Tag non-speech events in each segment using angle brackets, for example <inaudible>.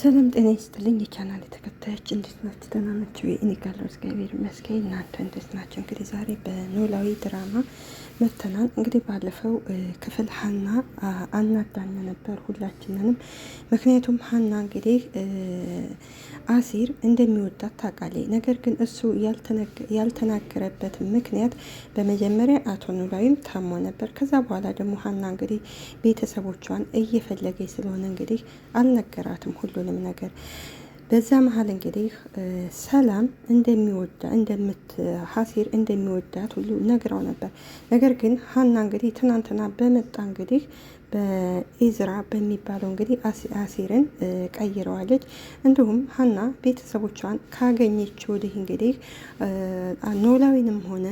ሰላም ጤና ይስጥልኝ። የቻናል ተከታዮች እንዴት ናችሁ? ደህና ናችሁ? እኔ ጋለሁ እግዚአብሔር ይመስገን። እናንተ እንዴት ናችሁ? እንግዲህ ዛሬ በኖላዊ ድራማ መተናል እንግዲህ ባለፈው ክፍል ሀና አናዳን ነበር ሁላችንንም። ምክንያቱም ሀና እንግዲህ አሲር እንደሚወዳት ታውቃለች። ነገር ግን እሱ ያልተናገረበት ምክንያት በመጀመሪያ አቶ ኑላዊም ታሞ ነበር። ከዛ በኋላ ደግሞ ሀና እንግዲህ ቤተሰቦቿን እየፈለገች ስለሆነ እንግዲህ አልነገራትም ሁሉንም ነገር በዛ መሀል እንግዲህ ሰላም እንደሚወዳ እንደምት እንደሚወዳት ሁሉ ነግራው ነበር። ነገር ግን ሀና እንግዲህ ትናንትና በመጣ እንግዲህ በኢዝራ በሚባለው እንግዲህ አሲርን ቀይረዋለች። እንዲሁም ሀና ቤተሰቦቿን ካገኘች ወዲህ እንግዲህ ኖላዊንም ሆነ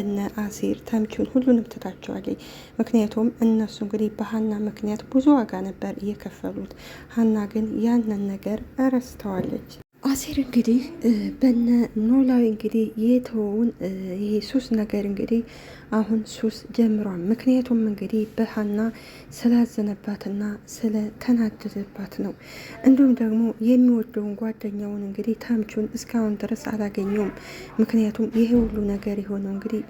እነ አሲር ተምቹን ሁሉንም ትታቸዋለች። ምክንያቱም እነሱ እንግዲህ በሀና ምክንያት ብዙ ዋጋ ነበር እየከፈሉት ሀና ግን ያንን ነገር ረስተዋለች። አሴር እንግዲህ በነ ኖላዊ እንግዲህ የተውን ይሄ ሱስ ነገር እንግዲህ አሁን ሱስ ጀምሯል። ምክንያቱም እንግዲህ በሀና ስላዘነባትና ስለተናደደባት ነው። እንዲሁም ደግሞ የሚወደውን ጓደኛውን እንግዲህ ታምቹን እስካሁን ድረስ አላገኘውም። ምክንያቱም ይሄ ሁሉ ነገር የሆነው እንግዲህ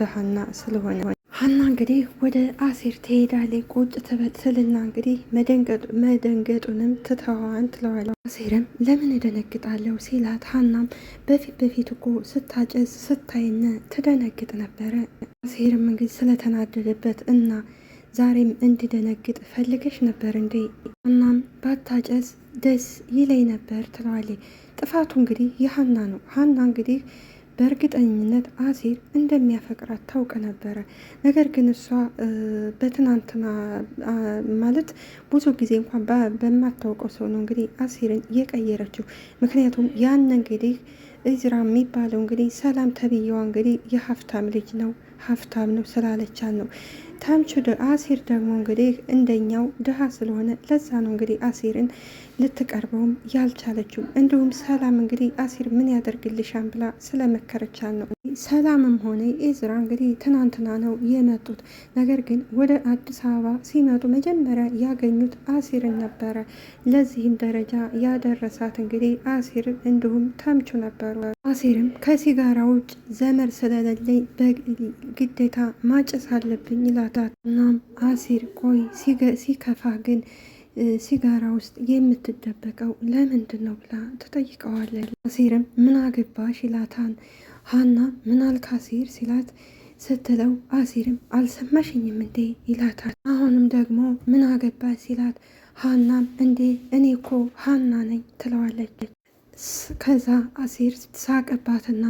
በሀና ስለሆነ ሀና እንግዲህ ወደ አሴር ትሄዳለች። ቁጭ ትበትልና እንግዲህ መደንገጡንም ትተዋዋን ትለዋለ። አሴርም ለምን እደነግጣለሁ ሲላት፣ ሀናም በፊት በፊት እኮ ስታጨስ ስታይነ ትደነግጥ ነበረ። አሴርም እንግዲህ ስለተናደደበት እና ዛሬም እንድደነግጥ ፈልገሽ ነበር እንዴ? እናም ባታጨስ ደስ ይለኝ ነበር ትለዋለች። ጥፋቱ እንግዲህ የሀና ነው። ሀና እንግዲህ በእርግጠኝነት አሴር እንደሚያፈቅራት ታውቅ ነበረ። ነገር ግን እሷ በትናንትና ማለት ብዙ ጊዜ እንኳን በማታውቀው ሰው ነው እንግዲህ አሴርን የቀየረችው። ምክንያቱም ያን እንግዲህ እዝራ የሚባለው እንግዲህ ሰላም ተብዬዋ እንግዲህ የሀፍታም ልጅ ነው ሀብታም ነው ስላለቻል ነው። ታምቹ አሲር ደግሞ እንግዲህ እንደኛው ድሃ ስለሆነ ለዛ ነው እንግዲህ አሲርን ልትቀርበውም ያልቻለችው። እንዲሁም ሰላም እንግዲህ አሲር ምን ያደርግልሻን ብላ ስለመከረቻል ነው። ሰላምም ሆነ ኤዝራ እንግዲህ ትናንትና ነው የመጡት። ነገር ግን ወደ አዲስ አበባ ሲመጡ መጀመሪያ ያገኙት አሲርን ነበረ። ለዚህም ደረጃ ያደረሳት እንግዲህ አሲር እንዲሁም ተምቹ ነበሩ። አሲርም ከሲጋራ ውጭ ዘመድ ስለሌለኝ በግዴታ ማጨስ አለብኝ ይላታት። እናም አሲር ቆይ ሲከፋ ግን ሲጋራ ውስጥ የምትደበቀው ለምንድን ነው ብላ ትጠይቀዋለች። አሲርም ምን አገባሽ ይላታን። ሀና ምን አልክ አሲር ሲላት ስትለው አሲርም አልሰማሽኝም እንዴ ይላታል። አሁንም ደግሞ ምን አገባ ሲላት ሀናም እንዴ እኔ እኮ ሀና ነኝ ትለዋለች። ከዛ አሲር ሳቀባትና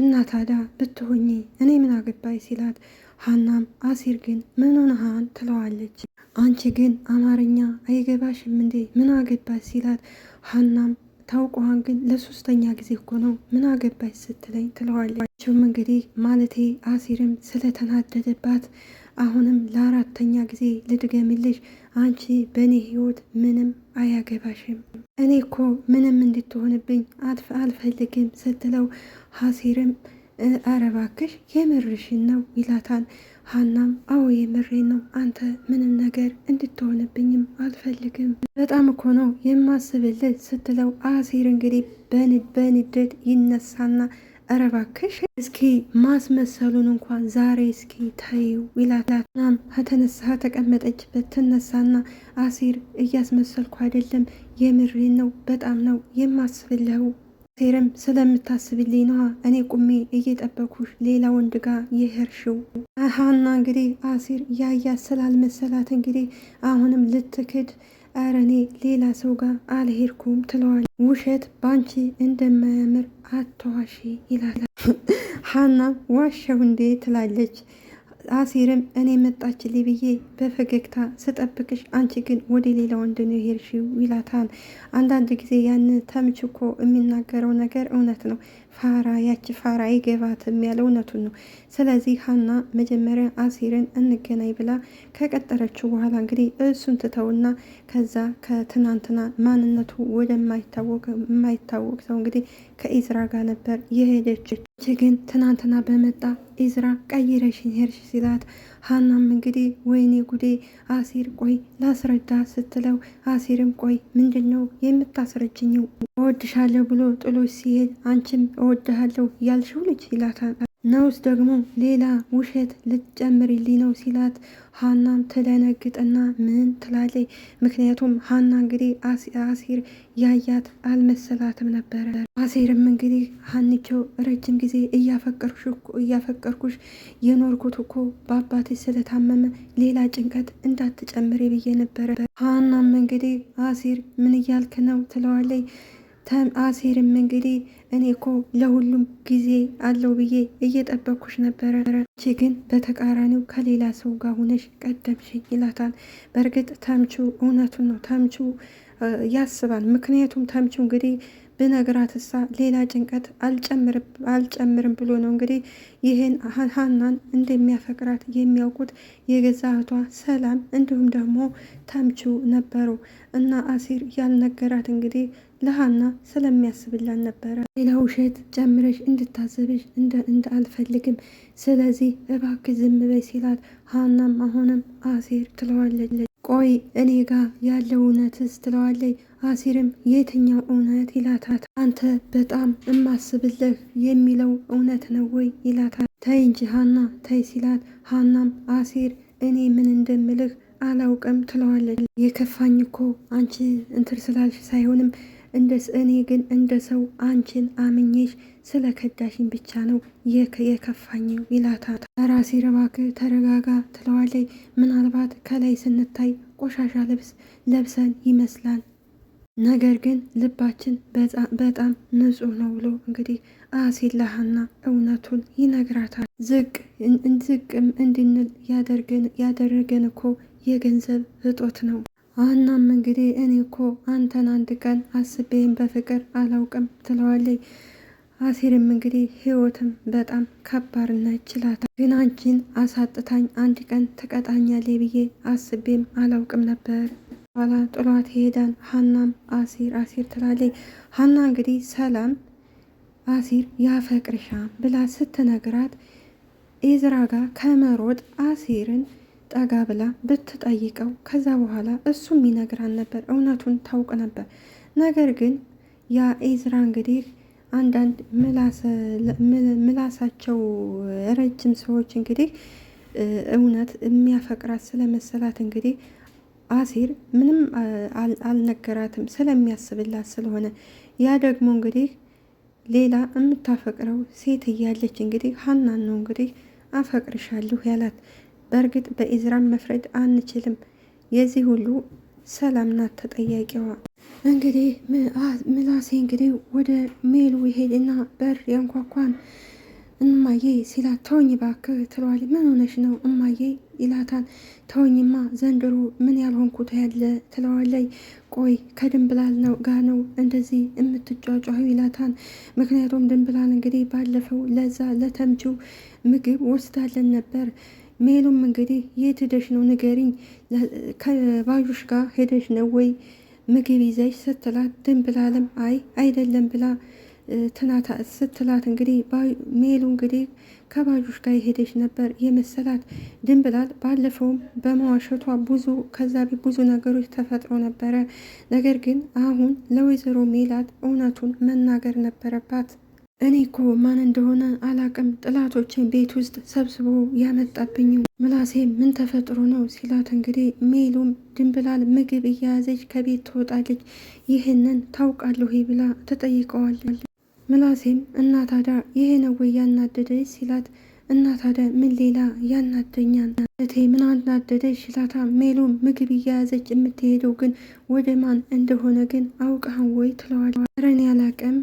እና ታዲያ ብትሆኚ እኔ ምን አገባይ ሲላት ሀናም አሲር ግን ምን ትለዋለች። አንቺ ግን አማርኛ አይገባሽም እንዴ ምን አገባ ሲላት ሀናም ታውቋን ግን ለሶስተኛ ጊዜ እኮ ነው ምን አገባች ስትለኝ ትለዋለች። እንግዲህ ማለቴ አሲርም ስለተናደደባት አሁንም ለአራተኛ ጊዜ ልድገምልሽ፣ አንቺ በእኔ ህይወት ምንም አያገባሽም። እኔ እኮ ምንም እንድትሆንብኝ አልፈልግም ስትለው ሀሲርም አረባክሽ የምርሽን ነው ይላታል። ሀናም አዎ የምሬ ነው አንተ ምንም ነገር እንድትሆንብኝም አልፈልግም። በጣም እኮ ነው የማስብልህ ስትለው አሴር እንግዲህ በንደት ይነሳና እረባክሽ እስኪ ማስመሰሉን እንኳን ዛሬ እስኪ ታዩ ይላታል። ናም ከተነሳ ተቀመጠችበት ትነሳና አሴር እያስመሰልኩ አይደለም የምሬ ነው በጣም ነው የማስብለው አሴርም ስለምታስብልኝ ነዋ እኔ ቁሜ እየጠበኩሽ ሌላ ወንድ ጋር የሄድሽው። ሀና እንግዲህ አሴር ያያ ስላልመሰላት እንግዲህ አሁንም ልትክድ ኧረ እኔ ሌላ ሰው ጋር አልሄድኩም ትለዋል። ውሸት ባንቺ እንደማያምር አታዋሺ ይላል። <laughs> ሀና ዋሻው እንዴ ትላለች። አሴርም እኔ መጣችልኝ ብዬ በፈገግታ ስጠብቅሽ አንቺ ግን ወደ ሌላ ወንድ ነው ሄድሽው ይላታል። አንዳንድ ጊዜ ያን ተምች እኮ የሚናገረው ነገር እውነት ነው። ፋራ ያቺ ፋራ ይገባትም ያለ እውነቱን ነው። ስለዚህ ሀና መጀመሪያ አሲርን እንገናኝ ብላ ከቀጠረችው በኋላ እንግዲህ እሱን ትተውና ከዛ ከትናንትና ማንነቱ ወደማይታወቅ የማይታወቅ ሰው እንግዲህ ከኢዝራ ጋር ነበር የሄደች። ግን ትናንትና በመጣ ኢዝራ ቀይረሽን ሄርሽ ሲላት ሀናም እንግዲህ ወይኔ ጉዴ አሲር ቆይ ላስረዳ ስትለው አሲርም ቆይ ምንድን ነው የምታስረጅኝው? እወድሻለሁ ብሎ ጥሎች ሲሄድ አንቺም እወድሃለሁ ያልሽው ልጅ ይላታል። ነውስ ደግሞ ሌላ ውሸት ልጨምሪልኝ ነው ሲላት ሀናም ትደነግጥና ምን ትላለች። ምክንያቱም ሀና እንግዲህ አሲር ያያት አልመሰላትም ነበረ። አሲርም እንግዲህ ሀኒቸው ረጅም ጊዜ እያፈቀርኩሽ የኖርኩት እኮ በአባትሽ ስለታመመ ሌላ ጭንቀት እንዳትጨምሪ ብዬ ነበረ። ሀናም እንግዲህ አሲር ምን እያልክ ነው ትለዋለች። አሴርም እንግዲህ እኔ ኮ ለሁሉም ጊዜ አለው ብዬ እየጠበኩሽ ነበረ፣ አንቺ ግን በተቃራኒው ከሌላ ሰው ጋር ሁነሽ ቀደምሽ ይላታል። በእርግጥ ተምቹ እውነቱን ነው ተምቹ ያስባል። ምክንያቱም ተምቹ እንግዲህ ብነግራትሳ ሌላ ጭንቀት አልጨምርም ብሎ ነው እንግዲህ ይህን ሀናን እንደሚያፈቅራት የሚያውቁት የገዛ እህቷ ሰላም እንዲሁም ደግሞ ተምቹ ነበሩ እና አሴር ያልነገራት እንግዲህ ለሀና ስለሚያስብላን ነበረ። ሌላ ውሸት ጨምረሽ እንድታዘብሽ እንደ አልፈልግም፣ ስለዚህ እባክሽ ዝም በይ ሲላል ሀናም አሁንም አሴር ትለዋለች። ቆይ እኔ ጋ ያለው እውነትስ ትለዋለች። አሲርም የትኛው እውነት ይላታት አንተ በጣም እማስብልህ የሚለው እውነት ነው ወይ ይላታት። ተይ እንጂ ሀና ተይ ሲላት ሀናም አሲር እኔ ምን እንደምልህ አላውቅም ትለዋለች። የከፋኝ እኮ አንቺ እንትር ስላልሽ ሳይሆንም እኔ ግን እንደ ሰው አንቺን አምኜሽ ስለ ከዳሽኝ ብቻ ነው የከፋኝ ይላታል። ራሴ ረባክ ተረጋጋ ትለዋለይ። ምናልባት ከላይ ስንታይ ቆሻሻ ልብስ ለብሰን ይመስላል፣ ነገር ግን ልባችን በጣም ንጹህ ነው ብሎ እንግዲህ አሴላሃና እውነቱን ይነግራታል። ዝቅ ዝቅም እንድንል ያደረገን እኮ የገንዘብ እጦት ነው። አናም እንግዲህ እኔ እኮ አንተን አንድ ቀን አስቤህም በፍቅር አላውቅም ትለዋለች። አሲርም እንግዲህ ህይወትም በጣም ከባድና ይችላታል፣ ግን አንቺን አሳጥታኝ አንድ ቀን ትቀጣኛለች ብዬ አስቤም አላውቅም ነበር ኋላ ጥሏት ይሄዳል። ሀናም አሲር አሲር ትላለች። ሀና እንግዲህ ሰላም አሲር ያፈቅርሻ ብላ ስትነግራት ኤዝራ ጋር ከመሮጥ አሲርን ጠጋ ብላ ብትጠይቀው ከዛ በኋላ እሱም ይነግራን ነበር፣ እውነቱን ታውቅ ነበር። ነገር ግን ያ ኤዝራ እንግዲህ አንዳንድ ምላሳቸው ረጅም ሰዎች እንግዲህ እውነት የሚያፈቅራት ስለመሰላት እንግዲህ አሲር ምንም አልነገራትም ስለሚያስብላት ስለሆነ ያ ደግሞ እንግዲህ ሌላ የምታፈቅረው ሴት እያለች እንግዲህ ሀናን ነው እንግዲህ አፈቅርሻለሁ ያላት በእርግጥ በኢዝራን መፍረድ አንችልም። የዚህ ሁሉ ሰላም ናት ተጠያቂዋ። እንግዲህ ምላሴ እንግዲህ ወደ ሜሉ ይሄድና በር ያንኳኳን እማዬ ሲላ ተወኝ እባክህ ትለዋል። ምን ሆነሽ ነው እማዬ ይላታል። ተወኝማ ዘንድሮ ምን ያልሆንኩት ያለ ትለዋለይ። ቆይ ከድንብላል ነው ጋ ነው እንደዚህ የምትጫጫሁ ይላታል። ምክንያቱም ድንብላል እንግዲህ ባለፈው ለዛ ለተምቹ ምግብ ወስዳለን ነበር ሜሉም እንግዲህ የት ሄደሽ ነው ንገሪኝ፣ ከባዩሽ ጋር ሄደሽ ነው ወይ ምግብ ይዘሽ ስትላት ድንብላለም አይ አይደለም ብላ ትናታ ስትላት እንግዲህ ሜሉ እንግዲህ ከባዩሽ ጋር የሄደሽ ነበር የመሰላት ድንብላል። ባለፈውም በመዋሸቷ ብዙ ከዛ ብዙ ነገሮች ተፈጥሮ ነበረ። ነገር ግን አሁን ለወይዘሮ ሜላት እውነቱን መናገር ነበረባት። እኔ እኮ ማን እንደሆነ አላቅም ጥላቶችን ቤት ውስጥ ሰብስቦ ያመጣብኝ ምላሴ ምን ተፈጥሮ ነው ሲላት፣ እንግዲህ ሜሉም ድንብላል ምግብ እያያዘች ከቤት ትወጣለች። ይህንን ታውቃለሁ ብላ ትጠይቀዋለች። ምላሴም እናታዳ ታዲያ ይሄ ነው ወይ ያናደደች ሲላት፣ እናታዳ ምን ሌላ ያናደኛል እቴ ምን አናደደች ሲላታ፣ ሜሉም ምግብ እያያዘች የምትሄደው ግን ወደ ማን እንደሆነ ግን አውቃህን ወይ ትለዋለች። ረን ያላቀም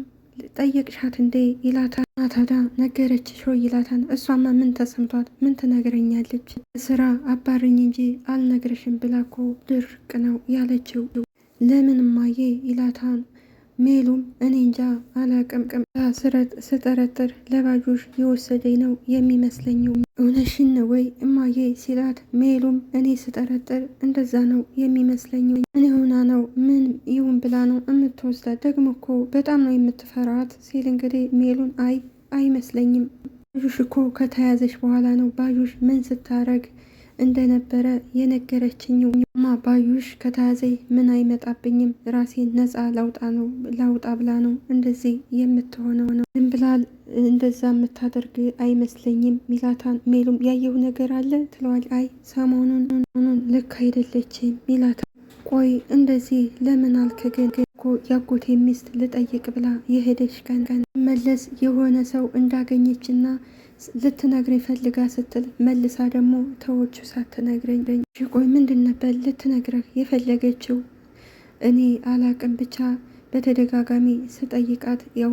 ጠየቅሻት እንዴ ይላታ አታዳ ነገረች ሾ ይላታን እሷማ ምን ተሰምቷት ምን ትነግረኛለች? ስራ አባርኝ እንጂ አልነግርሽም ብላኮ ድርቅ ነው ያለችው። ለምን ማዬ ይላታን ሜሉም እኔ እንጃ ስረት ስጠረጥር ለባጆሽ የወሰደኝ ነው የሚመስለኝው እውነሽን ነው ወይ እማዬ ሲላት ሜሉም እኔ ስጠረጥር እንደዛ ነው የሚመስለኝ። እኔ ሆና ነው ምን ይሁን ብላ ነው የምትወስዳት ደግሞ እኮ በጣም ነው የምትፈራት ሲል እንግዲህ ሜሉን አይ አይመስለኝም ባጆሽ እኮ ከተያዘች በኋላ ነው ባጆሽ ምን ስታረግ እንደነበረ የነገረችኝ ማ ባዩሽ ከተያዘኝ ምን አይመጣብኝም ራሴን ነፃ ላውጣ ነው ላውጣ ብላ ነው እንደዚህ የምትሆነው ነው። ዝም ብላ እንደዛ የምታደርግ አይመስለኝም። ሚላታን ሜሉም ያየው ነገር አለ ትለዋል። አይ ሰሞኑን ልክ አይደለችም ሚላታ። ቆይ እንደዚህ ለምን አልክ ግን እኮ ያጎቴ ሚስት ልጠይቅ ብላ የሄደች ቀን ቀን መለስ የሆነ ሰው እንዳገኘችና ልትነግረኝ ፈልጋ ስትል መልሳ ደግሞ ተዎቹ ሳትነግረኝ ቆይ ምንድን ነበር ልትነግረህ የፈለገችው? እኔ አላቅም ብቻ በተደጋጋሚ ስጠይቃት ያው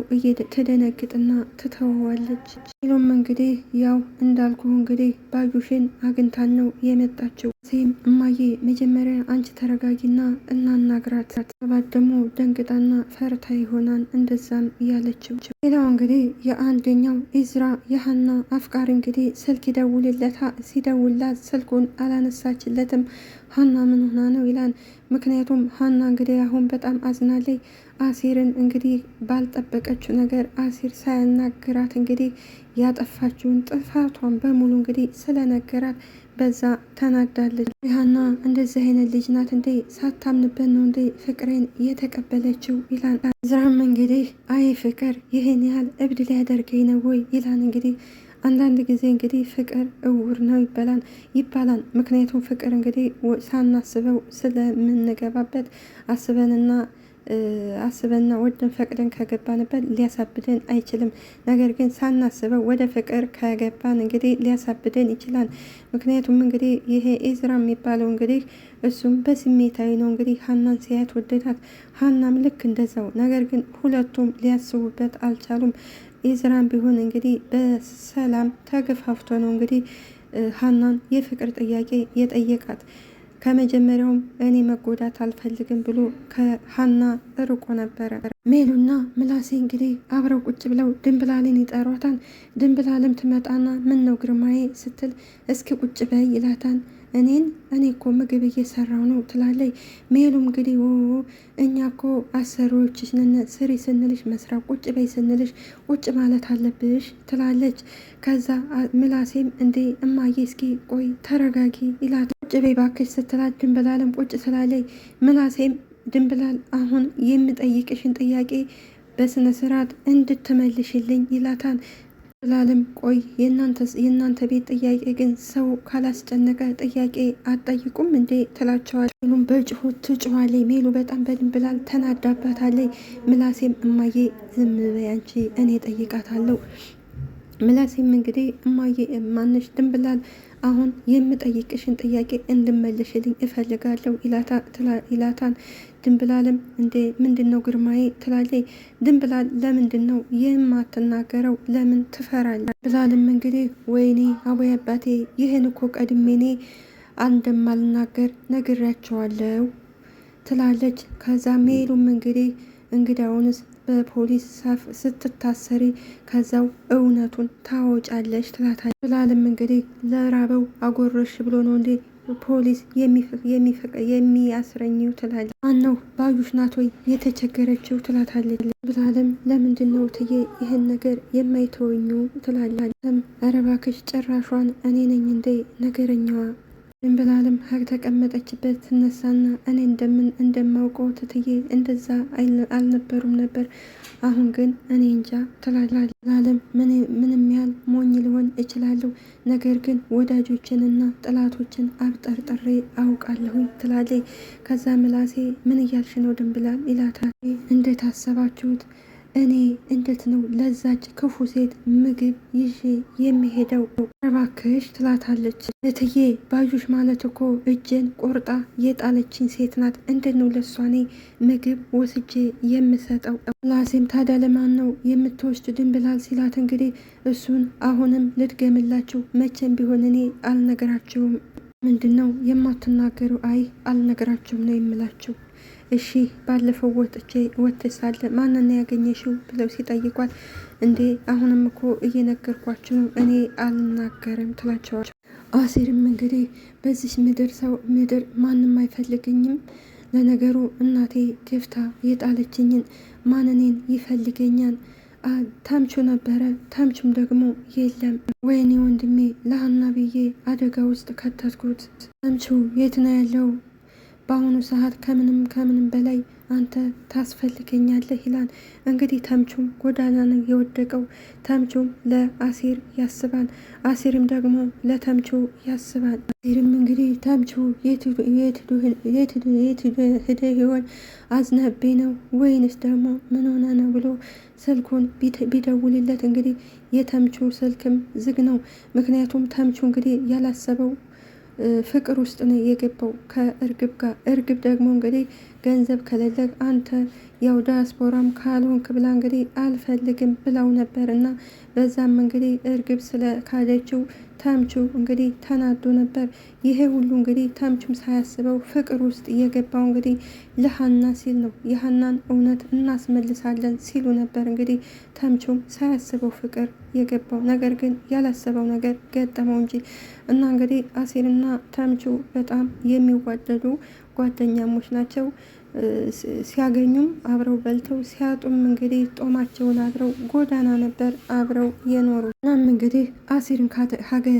ትደነግጥና ትተወዋለች። ሄሎም እንግዲህ ያው እንዳልኩ እንግዲህ ባዩሽን አግኝታን ነው የመጣችው። ሴም እማዬ መጀመሪያ አንቺ ተረጋጊና እናናግራት። ሰባት ደግሞ ደንግጣና ፈርታ ይሆናን እንደዛም እያለችው። ሌላው እንግዲህ የአንደኛው ኢዝራ የሀና አፍቃሪ እንግዲህ ስልክ ይደውልለታ ሲደውላት ስልኩን አላነሳችለትም። ሀና ምን ሆና ነው ይላል። ምክንያቱም ሀና እንግዲህ አሁን በጣም አዝናለይ አሲርን እንግዲህ ባልጠበቀችው ነገር አሲር ሳያናግራት እንግዲህ ያጠፋችውን ጥፋቷን በሙሉ እንግዲህ ስለነገራት በዛ ተናዳለች። ሪሀና እንደዚህ አይነት ልጅ ናት እንዴ? ሳታምንበት ነው እንዴ ፍቅሬን የተቀበለችው ይላል። ዝራም። እንግዲህ አይ ፍቅር ይህን ያህል እብድ ሊያደርገኝ ነው ወይ ይላል። እንግዲህ አንዳንድ ጊዜ እንግዲህ ፍቅር እውር ነው ይባላል ይባላል። ምክንያቱም ፍቅር እንግዲህ ሳናስበው ስለምንገባበት አስበንና አስበና ወደን ፈቅደን ከገባንበት ሊያሳብደን አይችልም። ነገር ግን ሳናስበው ወደ ፍቅር ከገባን እንግዲህ ሊያሳብደን ይችላል። ምክንያቱም እንግዲህ ይሄ ኤዝራ የሚባለው እንግዲህ እሱም በስሜታዊ ነው እንግዲህ ሀናን ሲያያት ወደዳት፣ ሀናም ልክ እንደዛው። ነገር ግን ሁለቱም ሊያስቡበት አልቻሉም። ኤዝራም ቢሆን እንግዲህ በሰላም ተገፋፍቶ ነው እንግዲህ ሀናን የፍቅር ጥያቄ የጠየቃት። ከመጀመሪያውም እኔ መጎዳት አልፈልግም ብሎ ከሀና ርቆ ነበረ። ሜሉና ምላሴ እንግዲህ አብረው ቁጭ ብለው ድንብላልን ይጠሯታል። ድንብላልም ትመጣና ምን ነው ግርማዬ ስትል እስኪ ቁጭ በይ ይላታል። እኔን እኔ እኮ ምግብ እየሰራው ነው ትላለይ። ሜሉም እንግዲህ እኛ እኮ አሰሪዎች ስሪ ስንልሽ መስራት፣ ቁጭ በይ ስንልሽ ቁጭ ማለት አለብሽ ትላለች። ከዛ ምላሴም እንዴ እማዬ እስኪ ቆይ ተረጋጊ ይላት። ቁጭ በይ ባክሽ ስትላት ድንብላለም ቁጭ ስላለይ ምላሴም ድንብላል አሁን የምጠይቅሽን ጥያቄ በስነ ስርዓት እንድትመልሽልኝ ይላታል። ዘላለም ቆይ የእናንተ ቤት ጥያቄ ግን ሰው ካላስጨነቀ ጥያቄ አጠይቁም እንዴ ትላቸዋል። ሁሉም በጭሆት ትጭኋለች። ሜሉ በጣም በድንብላል ተናዳባታለይ። ምላሴም እማዬ ዝም በይ አንቺ እኔ ጠይቃታለሁ። ምላሴም እንግዲህ እማዬ ማነሽ ድንብላል አሁን የምጠይቅሽን ጥያቄ እንድመልሽልኝ እፈልጋለሁ ይላታል። ድንብላልም እንዴ ምንድን ነው ግርማዬ ትላለች። ድንብላል ለምንድን ነው የማትናገረው? ለምን ትፈራለች? ብላልም እንግዲህ ወይኔ አቦይ አባቴ ይህን እኮ ቀድሜኔ እንደማልናገር ነግሬያቸዋለሁ ትላለች። ከዛ ሜሉም እንግዲህ እንግዳውንስ በፖሊስ ስትታሰሪ ከዛው እውነቱን ታወጫለች ትላታለች። ብላልም እንግዲህ ለራበው አጎረሽ ብሎ ነው እንዴ ፖሊስ የሚያስረኝው ትላለች። አነው ባዩሽ ናት ወይ የተቸገረችው ትላታለች። ብላለም ለምንድን ነው ትዬ ይህን ነገር የማይተወኙ ትላለች። ረባክሽ እባክሽ ጭራሿን እኔ ነኝ እንዴ ነገረኛዋ ድንብላልም ሀር ተቀመጠችበት ትነሳና እኔ እንደምን እንደማውቀው ትትዬ እንደዛ አልነበሩም ነበር። አሁን ግን እኔ እንጃ ትላላለም። ምንም ያህል ሞኝ ሊሆን እችላለሁ፣ ነገር ግን ወዳጆችንና ጥላቶችን አብጠርጥሬ አውቃለሁ ትላለች። ከዛ ምላሴ ምን እያልሽ ነው ድንብላል ይላታል። እንዴት አሰባችሁት? እኔ እንዴት ነው ለዛች ክፉ ሴት ምግብ ይዤ የሚሄደው? እባክሽ ትላታለች። እትዬ ባዩሽ ማለት እኮ እጄን ቆርጣ የጣለችኝ ሴት ናት። እንዴት ነው ለሷ እኔ ምግብ ወስጄ የምሰጠው? ላሴም ታዲያ ለማን ነው የምትወስድ ድንብላል ሲላት፣ እንግዲህ እሱን አሁንም ልድገምላችሁ፣ መቼም ቢሆን እኔ አልነገራችሁም። ምንድን ነው የማትናገሩ? አይ አልነገራችሁም ነው የምላችሁ እሺ ባለፈው ወጥቼ ወጥቼ ሳለ ማንን ያገኘሽው ብለው ሲጠይቋት እንዴ አሁንም እኮ እየነገርኳችሁ እኔ አልናገርም ትላቸዋል። አሴርም እንግዲህ በዚህ ምድር ሰው ምድር ማንም አይፈልገኝም ለነገሩ እናቴ ገፍታ የጣለችኝን ማንኔን ይፈልገኛል ታምቹ ነበረ። ታምቹም ደግሞ የለም። ወይኔ ወንድሜ ለሀና ብዬ አደጋ ውስጥ ከተትኩት። ታምቹ የት ነው ያለው? በአሁኑ ሰዓት ከምንም ከምንም በላይ አንተ ታስፈልገኛለህ ይላል። እንግዲህ ተምቹም ጎዳናን የወደቀው ተምቹም ለአሴር ያስባል፣ አሴርም ደግሞ ለተምቹ ያስባል። አሴርም እንግዲህ ተምቹ የት ሄደህ ይሆን አዝነቤ ነው ወይንስ ደግሞ ምን ሆነ ነው ብሎ ስልኩን ቢደውልለት እንግዲህ የተምቹ ስልክም ዝግ ነው። ምክንያቱም ተምቹ እንግዲህ ያላሰበው ፍቅር ውስጥ ነው የገባው ከእርግብ ጋር። እርግብ ደግሞ እንግዲህ ገንዘብ ከሌለ አንተ ያው ዳያስፖራም ካልሆንክ ብላ እንግዲህ አልፈልግም ብለው ነበር እና በዛም እንግዲህ እርግብ ስለካደችው ተምቹ እንግዲህ ተናዶ ነበር። ይሄ ሁሉ እንግዲህ ተምቹም ሳያስበው ፍቅር ውስጥ እየገባው እንግዲህ ለሀና ሲል ነው። የሀናን እውነት እናስመልሳለን ሲሉ ነበር እንግዲህ ተምቹም ሳያስበው ፍቅር የገባው ነገር ግን ያላሰበው ነገር ገጠመው እንጂ እና እንግዲህ አሴርና ተምቹ በጣም የሚዋደዱ ጓደኛሞች ናቸው። ሲያገኙም አብረው በልተው ሲያጡም እንግዲህ ጦማቸውን አድረው ጎዳና ነበር አብረው የኖሩ። እናም እንግዲህ አሲርን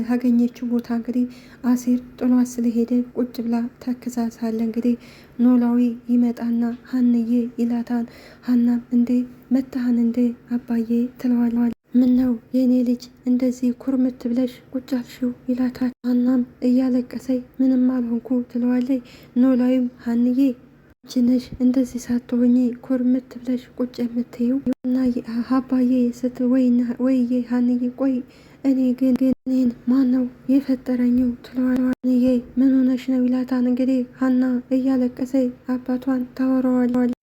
ካገኘችው ቦታ እንግዲህ አሲር ጥሏት ስለሄደ ቁጭ ብላ ተክዛ ሳለ እንግዲህ ኖላዊ ይመጣና ሀንዬ ይላታል። ሀናም እንዴ መታህን እንዴ አባዬ ትለዋለዋል። ምን ነው የእኔ ልጅ እንደዚህ ኩርምት ብለሽ ቁጭ አልሽው? ይላታል። ሀናም እያለቀሰይ ምንም አልሆንኩ ትለዋለይ። ኖላዊም ሀንዬ ችነሽ እንደዚህ ሳትሆኚ ኮርምት ብለሽ ቁጭ የምትይው እና ሀባዬ ስት ወይዬ ሀንዬ ቆይ እኔ ግን ግን እኔን ማን ነው የፈጠረኝው ትለዋለች። ምን ሆነሽ ነው ይላታን። እንግዲህ ሀና እያለቀሰ አባቷን ታወራዋለች።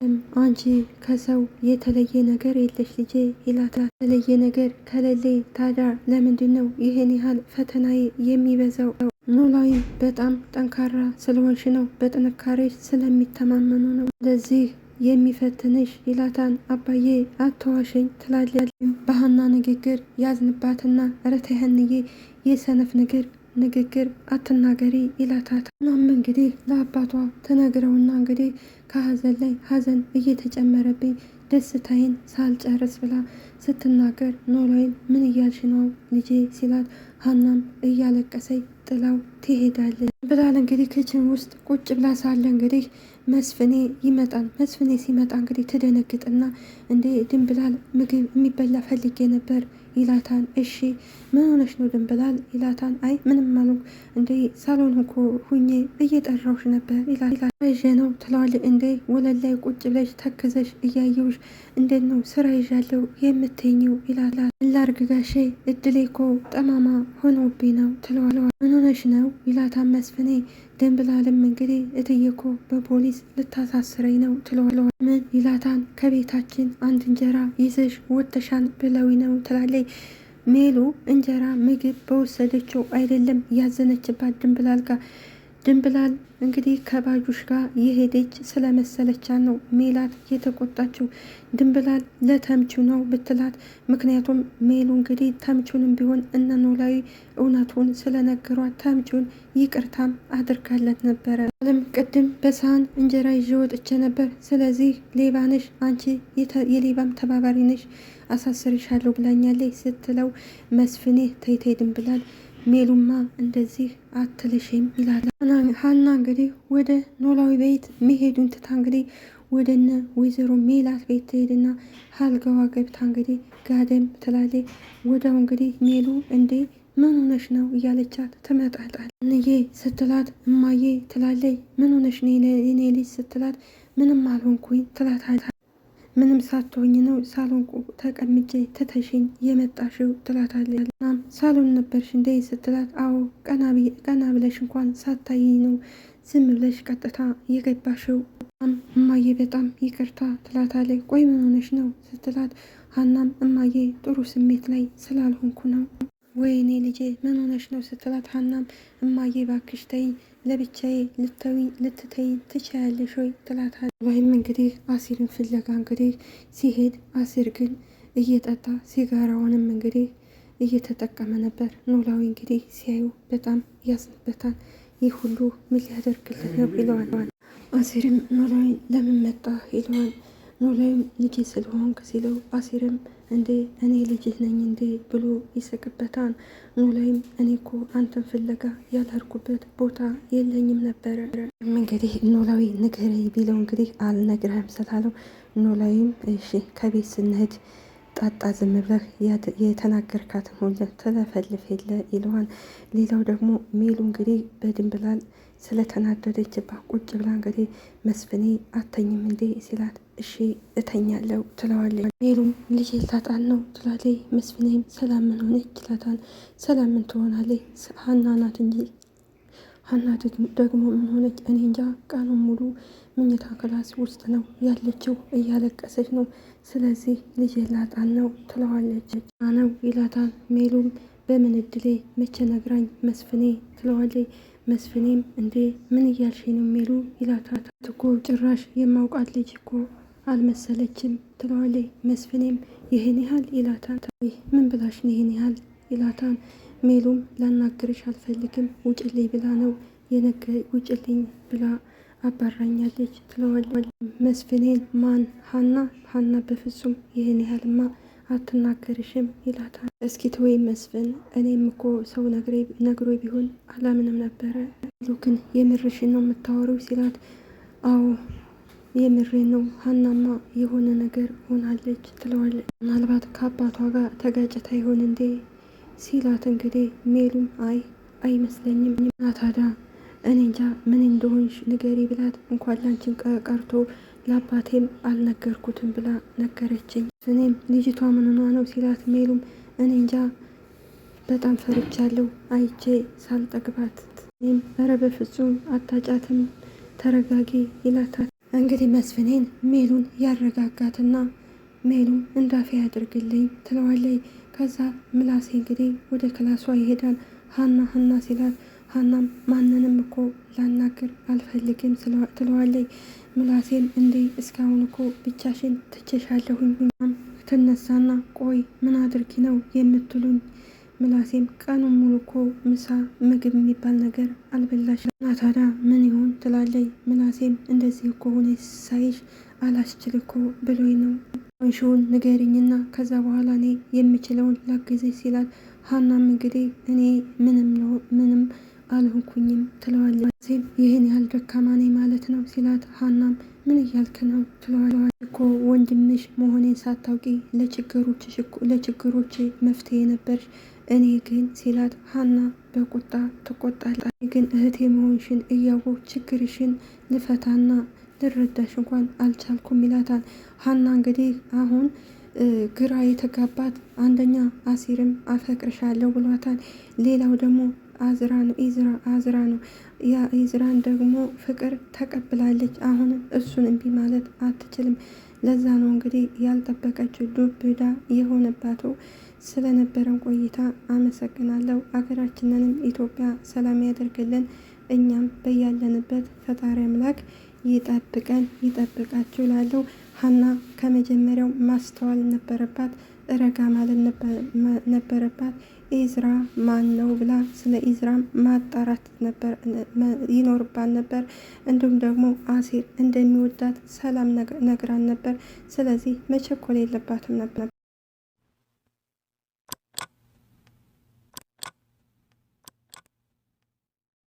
አንቺ ከሰው የተለየ ነገር የለሽ ልጄ ይላታ። የተለየ ነገር ከሌለ ታዲያ ለምንድን ነው ይህን ያህል ፈተናዬ የሚበዛው? ኖላዊም በጣም ጠንካራ ስለሆንሽ ነው፣ በጥንካሬ ስለሚተማመኑ ነው ለዚህ የሚፈትንሽ ይላታን አባዬ አተዋሸኝ ትላለች። በሀና ንግግር ያዝንባትና ረተህንዬ የሰነፍ ንግር ንግግር አትናገሪ ይላታት። እናም እንግዲህ ለአባቷ ተነግረውና እንግዲህ ከሀዘን ላይ ሀዘን እየተጨመረብኝ ደስታዬን ሳልጨርስ ብላ ስትናገር ኖላዊም ምን እያልሽ ነው ልጄ ሲላት ሀናም እያለቀሰኝ ጥላው ትሄዳለች። ብላል። እንግዲህ ክችን ውስጥ ቁጭ ብላ ሳለ እንግዲህ መስፍኔ ይመጣል። መስፍኔ ሲመጣ እንግዲህ ትደነግጥና እንዴ ድንብላል ምግብ የሚበላ ፈልጌ ነበር ይላታል። እሺ ምን ሆነሽ ነው ድንብላል ይላታል። አይ ምንም አሉ እንዴ ሳሎን እኮ ሁኜ እየጠራውሽ ነበር ይላታል። ይዤ ነው ትለዋለች። እንዴ ወለል ላይ ቁጭ ብለሽ ተክዘሽ እያየውሽ እንዴት ነው ስራ ይዣለው የምትኘው? ይላታል። ላርግ ጋሼ እድሌ እኮ ጠማማ ሆኖብኝ ነው ትለዋለዋል። ምን ሆነሽ ነው ይላታል መስፍኔ ደንብላልም እንግዲህ እትዬ በፖሊስ ልታሳስረኝ ነው ትለዋለች። ምን ይላታን ከቤታችን አንድ እንጀራ ይዘሽ ወተሻን ብለዊ ነው ትላለይ። ሜሉ እንጀራ ምግብ በወሰደችው አይደለም ያዘነችባት ድንብላል ጋር ድንብላል እንግዲህ ከባዩሽ ጋር የሄደች ስለመሰለቻ ነው ሜላት የተቆጣችው። ድንብላል ለተምቹ ነው ብትላት፣ ምክንያቱም ሜሉ እንግዲህ ተምቹንም ቢሆን እነ ኖላዊ እውነቱን ስለነገሯት ተምቹን ይቅርታም አድርጋለት ነበረ። አለም ቅድም በሰሃን እንጀራ ይዤ ወጥቼ ነበር። ስለዚህ ሌባ ነሽ አንቺ፣ የሌባም ተባባሪ ነሽ፣ አሳስርሻለሁ ብላኛለች ስትለው መስፍኔ ተይተይ ድንብላል ሜሉማ እንደዚህ አትልሽም ይላል። ሀና እንግዲህ ወደ ኖላዊ ቤት መሄዱን ትታ እንግዲህ ወደነ ወይዘሮ ሜላት ቤት ትሄድና ሀልገዋ ገብታ እንግዲህ ጋደም ትላለች። ወዲያው እንግዲህ ሜሉ እንዴ ምን ሆነሽ ነው እያለቻት ትመጣጣል። እንዬ ስትላት እማዬ ትላለች። ምን ሆነሽ ነው የኔ ልጅ ስትላት ምንም አልሆንኩኝ ትላታል። ምንም ሳትሆኝ ነው ሳሎን ተቀምጬ ትተሽኝ የመጣሽው ትላታለች። እናም ሳሎን ነበርሽ እንዴ ስትላት፣ አዎ ቀና ብለሽ እንኳን ሳታይ ነው ዝም ብለሽ ቀጥታ የገባሽው። እማዬ በጣም ይቅርታ ትላታለች። ቆይ ምን ሆነሽ ነው ስትላት፣ ሀናም እማዬ ጥሩ ስሜት ላይ ስላልሆንኩ ነው ወይኔ ልጄ ምን ሆነሽ ነው ስትላት፣ ሀናም እማዬ ባክሽ ተይኝ ለብቻዬ ልትተይኝ ትችያለሽ ወይ ትላታለች። ወይም እንግዲህ አሲርን ፍለጋ እንግዲህ ሲሄድ አሲር ግን እየጠጣ ሲጋራውንም እንግዲህ እየተጠቀመ ነበር። ኖላዊ እንግዲህ ሲያዩ በጣም ያዝንበታል። ይህ ሁሉ ምን ሊያደርግልን ነው ይለዋል። አሲርም ኖላዊ ለምን መጣ ይለዋል። ኖላዊም ልጄ ስለሆንክ ሲለው አሲርም እንዴ እኔ ልጅህ ነኝ እንዴ ብሎ ይስቅበታል። ኖላዊም እኔ እኮ አንተን ፍለጋ ያልሄድኩበት ቦታ የለኝም ነበረ። እንግዲህ ኖላዊ ንገረኝ ቢለው እንግዲህ አልነግረህም ስላለው ኖላዊም እሺ ከቤት ስንሄድ ጣጣ ዝም ብለህ የተናገርካትን ሁሉ ተለፈልፍ የለ ይለዋል። ሌላው ደግሞ ሜሉ እንግዲህ በድንብላል ስለተናደደች ቁጭ ብላ እንግዲህ መስፍኔ አተኝም እንዴ ሲላት እሺ እተኛለው ትለዋለች። ሜሩም ልጅ ላጣን ነው ትላለች። መስፍኔም ሰላም ምን ሆነች ይላታል። ሰላም ምን ትሆናለች ሀና ናት እንጂ ሀና ደግሞ ምን ሆነች? እኔ እንጃ። ቀኑን ሙሉ ምኝታ ክላስ ውስጥ ነው ያለችው፣ እያለቀሰች ነው። ስለዚህ ልጅ ላጣን ነው ትለዋለች። ነው ይላታል። ሜሉም በምን እድሌ መቼ ነግራኝ መስፍኔ ትለዋለች። መስፍኔም እንዴ ምን እያልሽ ነው የሚሉ ይላታታት። እኮ ጭራሽ የማውቃት ልጅ እኮ አልመሰለችም ትለዋለች። መስፍኔም ይህን ያህል ይላታን ምን ብላሽ ነው ይህን ያህል ይላታን። ሜሉም ላናግርሽ አልፈልግም ውጭልኝ ብላ ነው የነገ ውጭልኝ ብላ አባራኛለች ትለዋለች። መስፍኔን ማን ሀና ሀና በፍጹም ይህን ያህልማ አትናገርሽም ይላታል። እስኪ ተወይ መስፍን፣ እኔም እኮ ሰው ነግሮ ቢሆን አላምንም ነበረ። ሉክን የምርሽን ነው የምታወሪው ሲላት፣ አዎ የምሬ ነው ሀናማ የሆነ ነገር ሆናለች ትለዋለች። ምናልባት ከአባቷ ጋር ተጋጭታ ይሆን እንዴ ሲላት፣ እንግዲህ ሜሉም አይ አይመስለኝም ናታዳ ታዲያ እኔ እንጃ ምን እንደሆንሽ ንገሪ ብላት፣ እንኳን ላንቺን ቀርቶ ለአባቴም አልነገርኩትም ብላ ነገረችኝ። እኔም ልጅቷ ምንኗ ነው ሲላት ሜሉም እኔ እንጃ በጣም ፈርቻለሁ አይቼ ሳልጠግባት። እኔም ኧረ በፍጹም አታጫትም ተረጋጊ ይላታል። እንግዲህ መስፍኔን ሜሉን ያረጋጋትና ሜሉም እንዳፌ ያድርግልኝ ትለዋለይ። ከዛ ምላሴ እንግዲህ ወደ ክላሷ ይሄዳል። ሀና ሀና ሲላት ሀናም ማንንም እኮ ላናግር አልፈልግም ትለዋለይ። ምናሴን እንዴ እስካሁን እኮ ብቻሽን ትቼሻለሁኝ ሁኛም ትነሳና ቆይ ምን አድርጊ ነው የምትሉኝ? ምላሴም ቀኑን ሙሉ እኮ ምሳ ምግብ የሚባል ነገር አልበላሽ እና ታዲያ ምን ይሆን ትላለይ። ምላሴም እንደዚህ ከሆነ ሳይሽ አላስችል እኮ ብሎኝ ነው ወንሽውን ንገሪኝና ከዛ በኋላ እኔ የምችለውን ላግዜ ሲላል ሀናም እንግዲህ እኔ ምንም ነው ምንም አልሆንኩኝም ትለዋለች። ዜብ ይህን ያህል ደካማ ነኝ ማለት ነው ሲላት፣ ሀናም ምን እያልክ ነው ትለዋለች። እኮ ወንድምሽ መሆኔን ሳታውቂ ለችግሮች መፍትሄ ነበርሽ እኔ ግን ሲላት፣ ሀና በቁጣ ትቆጣለች። ግን እህቴ መሆንሽን እያወቅ ችግርሽን ልፈታና ልረዳሽ እንኳን አልቻልኩም ይላታል። ሀና እንግዲህ አሁን ግራ የተጋባት አንደኛ አሲርም አፈቅርሻለሁ ብሏታል። ሌላው ደግሞ አዝራ ነው አዝራ ነው። ያ ኢዝራን ደግሞ ፍቅር ተቀብላለች። አሁንም እሱን እምቢ ማለት አትችልም። ለዛ ነው እንግዲህ ያልጠበቀችው ዱብ ዕዳ የሆነባቸው ስለነበረን ቆይታ አመሰግናለሁ። አገራችንንም ኢትዮጵያ ሰላም ያደርግልን። እኛም በያለንበት ፈጣሪ አምላክ ይጠብቀን ይጠብቃችሁ። ላለው ሀና ከመጀመሪያው ማስተዋል ነበረባት፣ ረጋ ማለት ነበረባት። ኢዝራ ማን ነው ብላ ስለ ኢዝራ ማጣራት ነበር ይኖርባል ነበር። እንዲሁም ደግሞ አሴር እንደሚወዳት ሰላም ነግራን ነበር። ስለዚህ መቸኮል የለባትም ነበር።